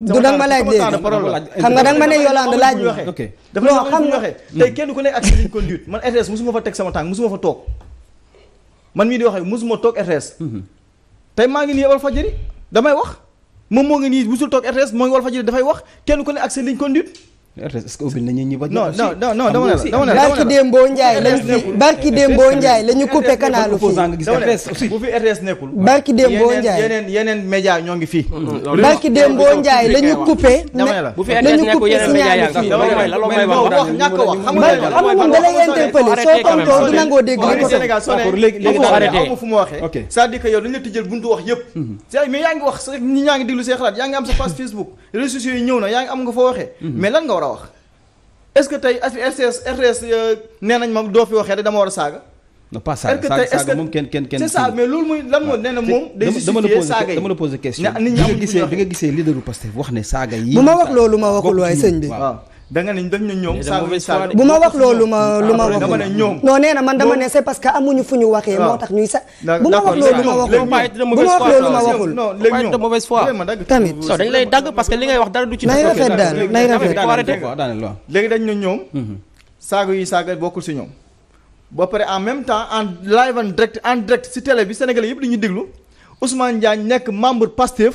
du danga ma laaj léegi xam nga danga ma ne Yolande laaj bi ok non xam nga tey kenn ku nekk ak ligne conduite man RTS musuma fa teg sama tànk musuma fa toog man mii di waxee musuma toog RTS mhm. tey maa ngi nii Walfadjri damay wax moom moo ngi nii musul toog RTS moo ngi Walfadjri dafay wax kenn ku nekk ak sa ligne RTS est-ce que ubbil nañu ñi ba. non non non non dama ne la dama ne la barki Dembo Ndiaye lañ fi barki Dembo Ndiaye la ñu coupé canal fii. dama bu fi RTS nekkul. barki Dembo Ndiaye yeneen yeneen média ñoo ngi fii. barki Dembo Ndiaye la ñu coupé. dama ne la bu fi RTS nekkul yeneen média yaa ngi fii. wax ñàkk a wax xam nga xam nga moom da lay interpellé soo tontoo du nangoo dégg li ko sax. léegi léegi dafa arrêté xaw ma fu ma waxee. ok c'est-à-dire que yow dañu la tijjal buntu wax yëpp. c'est mais yaa ngi wax nit ñaa ngi déglu say xalaat yaa ngi am sa page Facebook réseaux sociaux yi ñëw na yaa ngi am nga foo waxee mais lan nga war a a wax est-ce que tey RTS euh, ma doo fi waxee rek dama war a saaga. non pas saaga saaga moom kenn kenn kenn. mais loolu mooy lan moo nee moom. day dama la posé question. bi nga gisee leaderu Pastef wax ne saaga yi. bu ma wax loolu ma waxul waaye sëñ bi waaw. da nga ne ah, na man dama ne que amuñu fu ñu waxee. moo tax ñuy sa. bu ma wax loolu ma waxul ñoom mauvaise yi saaga bokkul si ñoom. ba pare en même temps en live en direct en direct si télé bi Sénégalais yëpp dañuy déglu Ousmane Diagne nekk membre Pastef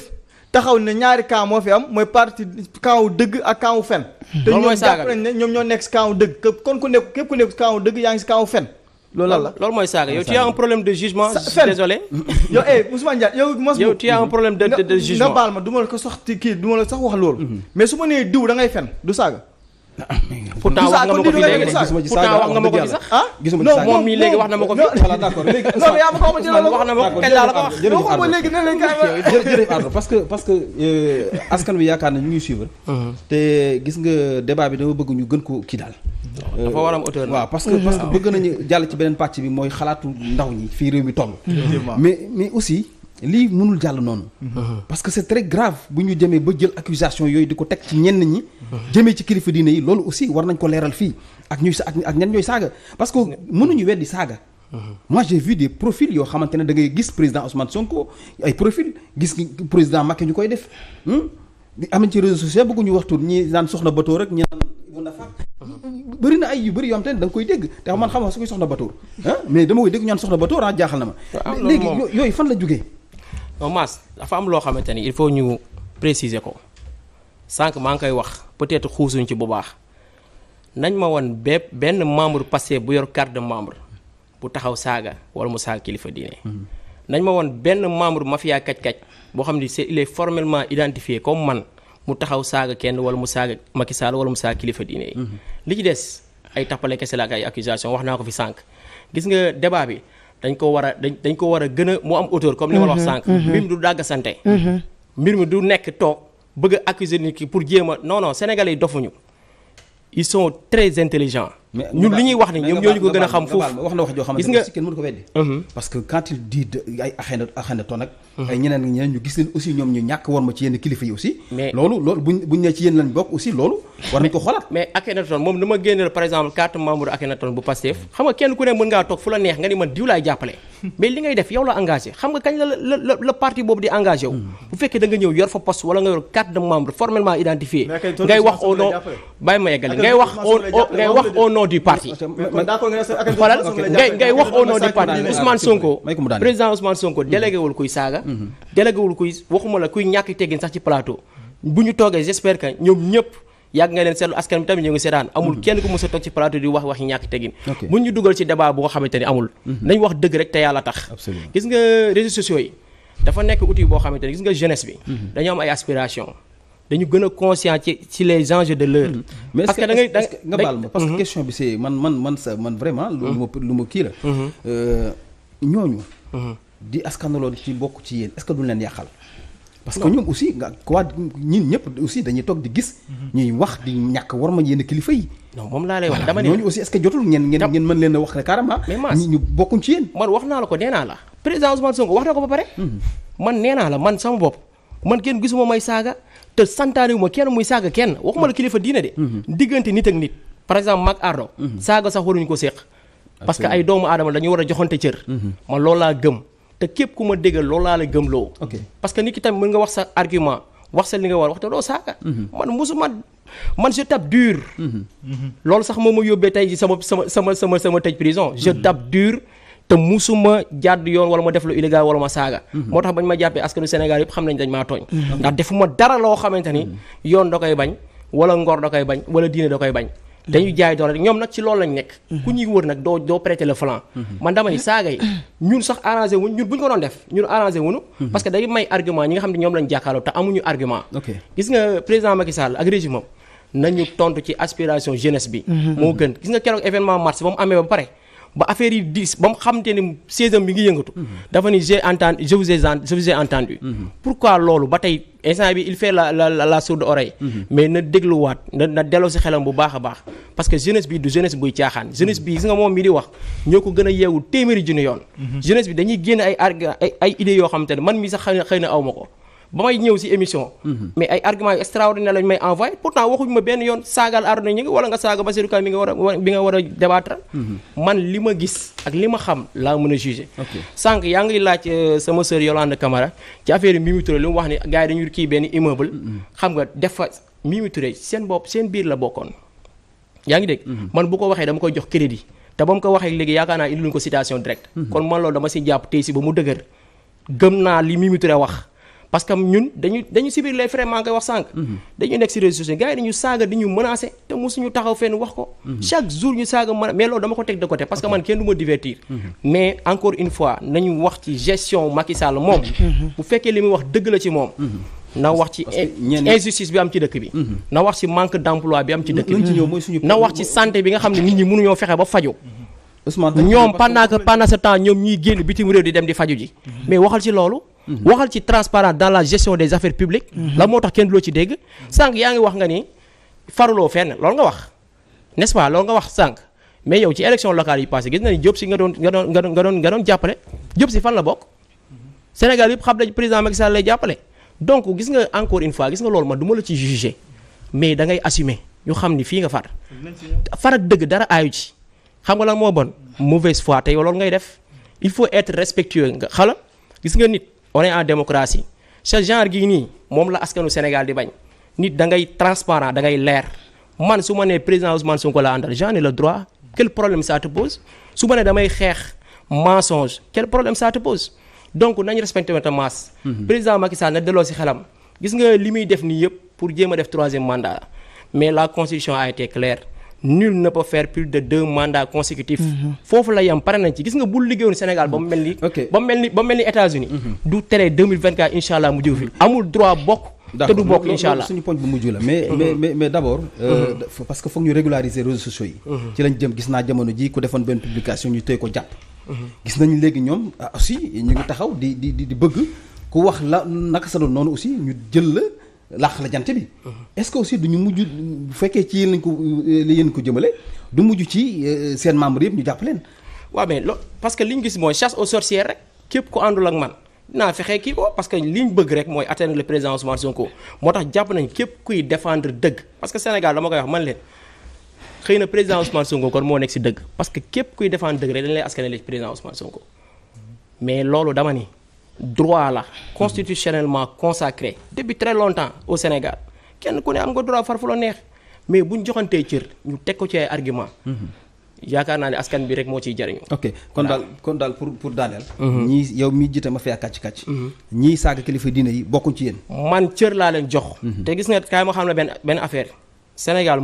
taxaw ne ñaari camp moo fi am mooy parti camp dëgg ak camp fen hmm. te ñoom jàpp nañ ñoom ñoo nekk si camp dëgg dëgg kon ku nekk képp ku nekk si camp dëgg yaa ngi si camp wu fen loolu lan la loolu mooy saaga yow tu as problème de jugement. sa désolé. yow eh Ousmane Diagne yow mos. yow tu as problème de de jugement nga baal ma du ma la ko sax kii du ma la sax wax loolu. Mm-hmm. mais su ma nee diw da ngay fen du saaga. pourtant wax nga ma ko fi léegi parce que parce que euh, askan wi yaakaar na ñu ngi suivre. Mhm. te gis nga débat bi dama bëgg ñu gën ko kii daal. dafa war am auteur euh, waaw parce que parce que bëgg nañu jàll ci beneen pàcc bi mooy xalaatu ndaw ñi fii réew mi toll. mais mais aussi lii mënul jàll noonu. Mhm. parce que c'est très grave bu ñu demee ba jël accusation yooyu di ko teg ci ñenn ñi. Mhm. jëmee ci kilifa diine yi loolu aussi war nañ ko leeral fii ak ñuy sa ak ñenn ñooy saaga parce que mënuñu weddi saaga. Mhm. moi j'ai vu des profils yoo xamante ne dangay gis président Ousmane Sonko ay profil gis président Macky ñu koy def. Hmm? am nañ ci réseaux sociaux ñu waxtu ñi naan soxna Bator rek ñi naan bëri na ay yu bëri yoo xam te ne da koy dégg te man xam nga su koy soxna Bator ah mais dama koy dégg ñu naan soxna Bator ah, jaaxal na ma. léegi yooyu fan la jógee. non Mass dafa am loo xamante ni il faut ñu préciser ko sànq maa ngi koy wax peut-être xuusuñ ci bu baax nañ ma won bépp benn membre passé bu yor carte de membre bu taxaw saaga wala mu saaga kilifa diine. Hmm. nañ ma woon benn membre mafia kàcc-kàcc boo xam ni c'est il est formellement identifié comme man mu taxaw saaga kenn wala mu saaga Macky Sall wala mu saaga kilifa diine yi. Hmm. li ci des ay tappale kese la ak ay accusation wax naa ko fi sànq gis nga débat bi. dañ ko war a dañ dañ ko war a gën a moo am auteur comme li ma la wax mhm, sànq mhm. mbir mi du dàgg sante mhm. mbir mi du nekk toog bëgg accuser nit ki pour jéem a non non sénégalais yi dofuñu ils sont très intelligents. ñun li ñuy wax ni ñoom ñoo ñu ko gën a xam foofu wax na wax joo xamante mhm. parce que quand il dit ay axena axena ton ak mhm. ay ñeneen ñeneen ñu gis leen aussi ñoom ñu ñàkk war ma ci yenn kilifa yi aussi mais loolu loolu buñ buñ ne ci yéen lañ bokk aussi loolu war nañ ko xoolaat mais Akhenaton moom dama génneel par exemple quatre membres Akhenaton bu Pastef xam nga kenn ku ne mën ngaa toog fu la neex nga ni man diw mais li ngay def yow la engagé xam nga kañ la la la la boobu di engagé wu. Hmm. bu fekkee da nga ñëw yor fa poste wala nga yor carte de membre formellement identifié. ngay wax au nom bàyyi ma yeggale ngay wax au ngay wax au nom du parti. xoolal ngay ngay wax au Sonko. président Ousmane Sonko hmm. délégué kuy saaga. Hmm. délégué wul kuy waxuma la kuy ñàkk teggin sax ci plateau. bu ñu toogee j'espère que ñoom ñëpp. yàgg nga leen seetlu askan bi tamit ñu ngi seetaan amul mhm. kenn ku mës a toog ci plateau di wax wax ñàkk tegin bu ñu dugal ci débat boo xamante ni amul mhm. nañ wax dëgg rek te yàlla tax gis nga réseaux sociaux yi dafa nekk outil boo xamante ni gis nga jeunesse bi mhm. dañu am ay aspiration dañu gën a conscient ci ci les enjeux de l'heure mais parce que nga baal ma parce question bi c'est man man man sa man vraiment lu ma lu ma kii la euh, ñooñu di askanaloon ci bokk ci yéen est que duñ leen yàqal parce que ñoom aussi nga quoi ñin ñëpp aussi dañuy toog di gis. Mhm. ñuy wax di ñàkk war ma yenn kilifa yi. non moom laa lay wax dama ne ñooñu aussi est-ce que jotul ngeen a wax ne carrément. mais man ñu bokkuñ ci yéen. man wax naa la pare. Mhm. man nee naa la man sama bopp man kenn gisuma may saaga te santaane kenn muy saaga kenn waxuma la kilifa diine de. Mhm. diggante nit ak nit par exemple mag Ardo. saaga sax waruñu ko séq. parce que ay doomu aadama dañu war a joxante cër. ma loolu laa gëm. te képp ku ma déggal loolu laa la gëmloo. ok parce que nit ki tamit mën nga wax sa argument wax sa li nga war wax te doo saaga. Mhm. man musuma man je tape dur. Mhm. Mhm. loolu sax moom ma yóbbee tey ji sama sama sama sama sama tëj prison. je tape dur. te musuma jàdd yoon wala ma def lu illégal wala ma saaga moo tax bañ ma jàppee askanu Sénégal yëpp xam nañ dañ maa tooñ ndax defuma dara loo xamante ni yoon da koy bañ wala ngor da koy bañ wala diine da koy bañ dañuy jaay doole ñoom nag ci loolu lañ nekk. Mhm. ku ñuy wër nag doo doo prêter le flanc. Mhm. man dama ni saaga yi ñun sax arrangé wuñ ñun bu ñu ko doon def ñun arrangé wuñu. Mhm. parce day may argument ñi nga xam ne ñoom lañ jàkkaarloo te amuñu argument. gis nga président Macky ak régime nañu tontu ci aspiration jeunesse bi. moo gën gis nga keroog événement mars ba mu amee ba pare. ba affaire yi diis ba mu xamante ni saison bi ngi yëngatu. dafa ni j'ai entendu je vous ai je vous ai loolu ba tey instant bi il fait la la la sourde oreille. mais na dégluwaat na na delloo xelam bu baax a baax. parce que jeunesse bi du jeunesse buy caaxaan jeunesse bi gis nga moom mi di wax ñoo ko gën a yeewu téeméeri junni yoon. jeunesse bi dañuy génn ay ay ay idées yoo xamante ne man mi sax xëy na xëy na aw ma ko. ba may ñëw si émission. Mhm. mais ay arguments yu extraordinaire lañ may envoyé pourtant waxuñu ma benn yoon saagaal Arona Gningue wala nga saaga Bassirou Ka mi nga war a a débattre. Mhm. man li ma gis ak li ma xam laa mën a jugé. sànq yaa ngi laaj euh, sama sœur Yolande Camara ci affaire Mimi Touré li mu wax ni gars yi dañu kii benn immeuble. Mhm. xam nga def fa Mimi seen bopp seen biir la bokkoon. yaa ngi dégg. man bu ko waxee dama koy jox crédit. te ba mu ko waxee léegi yaakaar naa indi luñ ko citation directe. kon man loolu dama si jàpp tey si ba mu dëgër gëm naa li Mimi Touré wax. parce que ñun dañu dañu subir les frais maa ngi wax sànq. Mhm. dañu nekk si réseaux sociaux gars yi dañu saaga di ñu menacer te mosuñu taxaw fenn wax ko. Mhm. chaque jour ñu saaga man mais dama ko teg de côté parce que man kenn du ma divertir. Mhm. mais encore une fois nañu wax ci gestion Macky Sall moom. bu fekkee li muy wax dëgg la ci moom. na wax ci injustice bi am ci dëkk bi. na wax ci manque d'emploi bi am ci dëkk bi. na wax ci sante bi nga xam ne nit ñi mënuñoo fexe ba fajoo. Ousmane ñoom pendant que pendant ce temps ñoom ñuy génn bitim réew di dem di faju ji. Mhm. mais waxal ci loolu. Mhm. waxal ci transparent dans la gestion des affaires publiques. Mhm. la moo tax kenn du loo ci dégg. sànq yaa ngi wax nga ni faruloo fenn loolu nga wax n'est-ce pas loolu nga wax sànq mais yow ci élection locale yi passé gis na ni Diop si nga doon nga doon nga doon nga doon jàppale Diop si fan la bokk. Sénégal yëpp xam nañ président Macky Sall lay jàppale donc gis nga encore une fois gis nga loolu ma du ma la ci jugé mais da ngay assumer ñu xam ni fii nga far. far ak dëgg dara ci. xam nga la moo bon mauvaise fois tey yow ngay def il faut être respectueux nga xala gis nga nit on est en démocratie ce genre gi nii moom la askanu Sénégal di bañ nit da ngay transparent da ngay leer man su ma nee président Ousmane Sonko la àndal le droit quel problème ça te pose su ma damay xeex mensonge quel problème ça te pose donc nañ respecté ta masse. Mhm. président Macky Sall na delloo si xelam gis nga li muy def nii yëpp pour jéem a def troisième mandat mais la constitution a été claire. nul ne peut faire plus de deux mandats consécutifs. Mhm. foofu la yam pare nañ ci gis nga bu liggéeyoon Sénégal ba mu mel ni. ba mu mel ni ba mu mhm. du tere 2024 allah mu jëw fi amul droit bokk. te du bokk incha allah la mhm. mais mais mais d' abord. Euh, parce que foog ñu régulariser réseaux sociaux yi. ci lañ jëm gis naa jamono ji ku defoon benn publication ñu tey ko jàpp. gis nañu léegi ñoom ah, aussi ñu ngi taxaw di di di bëgg ku wax la naka sa doon noonu aussi ñu jël la. làq la jant bi. est-ce que aussi duñu mujj bu fekkee ci yéen lañ ko euh, yéen ko jëmale du mujj ci euh, seen membre yëpp ñu jàpp leen. waaw mais lo parce que ñu gis mooy chasse au sorcières rek képp ku àndul ak man dinaa fexe kii ko parce que li ñu bëgg rek mooy atteindre le président Ousmane Sonko moo tax jàpp nañ képp kuy défendre dëgg parce que Sénégal dama koy wax man leen xëy na président Ousmane Sonko kon moo nekk si dëgg parce que képp kuy défendre dëgg rek dañ lay askanale ci président Ousmane Sonko loolu dama droit la constitutionnellement consacré depuis très longtemps au Sénégal kenn ku ne am nga droit far fu la neex mais bu ñu joxantee cër ñu teg ko ci ay argument mhm. yaakaar naa ne askan bi rek moo ciy jariñu ok kon daal kon daal pour pour daaneel mhm. ñii yow mii jiite ma fee kàcc kàcc mhm. ñii saaga kilifa diine yi bokkuñ ci yéen man cër laa leen jox te gis nga kaay ma xam ne benn benn affaire Sénégal